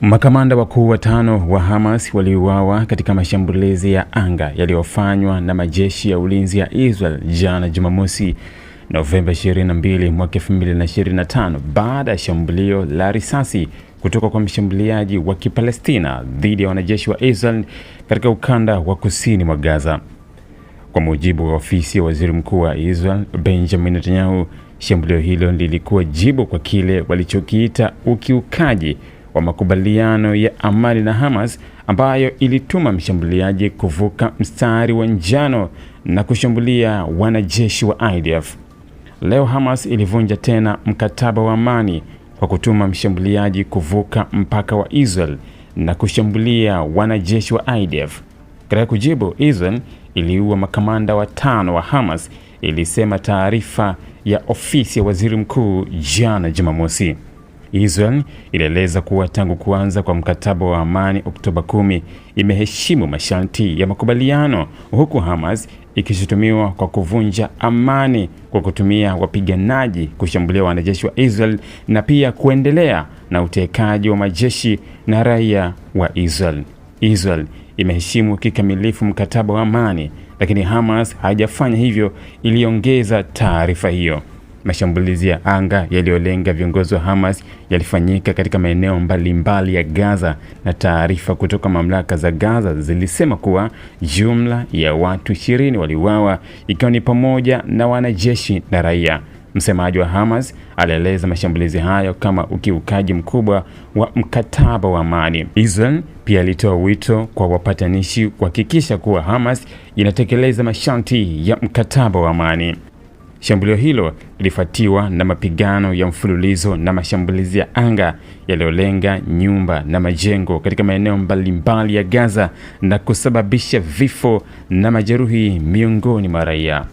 Makamanda wakuu watano wa Hamas waliuawa katika mashambulizi ya anga yaliyofanywa na majeshi ya ulinzi ya Israel jana Jumamosi, Novemba 22 mwaka 2025 baada ya shambulio la risasi kutoka kwa mshambuliaji wa Kipalestina dhidi ya wanajeshi wa Israel katika ukanda wa kusini mwa Gaza. Kwa mujibu wa ofisi ya Waziri Mkuu wa Israel, Benjamin Netanyahu, shambulio hilo lilikuwa jibu kwa kile walichokiita ukiukaji wa makubaliano ya amani na Hamas ambayo ilituma mshambuliaji kuvuka mstari wa njano na kushambulia wanajeshi wa IDF. Leo Hamas ilivunja tena mkataba wa amani kwa kutuma mshambuliaji kuvuka mpaka wa Israel na kushambulia wanajeshi wa IDF. Katika kujibu, Israel iliua makamanda watano wa Hamas, ilisema taarifa ya ofisi ya waziri mkuu jana Jumamosi. Israel ilieleza kuwa tangu kuanza kwa mkataba wa amani Oktoba 10 imeheshimu masharti ya makubaliano, huku Hamas ikishutumiwa kwa kuvunja amani kwa kutumia wapiganaji kushambulia wanajeshi wa Israel na pia kuendelea na utekaji wa majeshi na raia wa Israel. Israel imeheshimu kikamilifu mkataba wa amani, lakini Hamas haijafanya hivyo, iliongeza taarifa hiyo. Mashambulizi ya anga yaliyolenga viongozi wa Hamas yalifanyika katika maeneo mbalimbali ya Gaza, na taarifa kutoka mamlaka za Gaza zilisema kuwa jumla ya watu ishirini waliuawa ikiwa ni pamoja na wanajeshi na raia. Msemaji wa Hamas alieleza mashambulizi hayo kama ukiukaji mkubwa wa mkataba wa amani. Israel pia alitoa wito kwa wapatanishi kuhakikisha kuwa Hamas inatekeleza masharti ya mkataba wa amani. Shambulio hilo lilifuatiwa na mapigano ya mfululizo na mashambulizi ya anga yaliyolenga nyumba na majengo katika maeneo mbalimbali ya Gaza na kusababisha vifo na majeruhi miongoni mwa raia.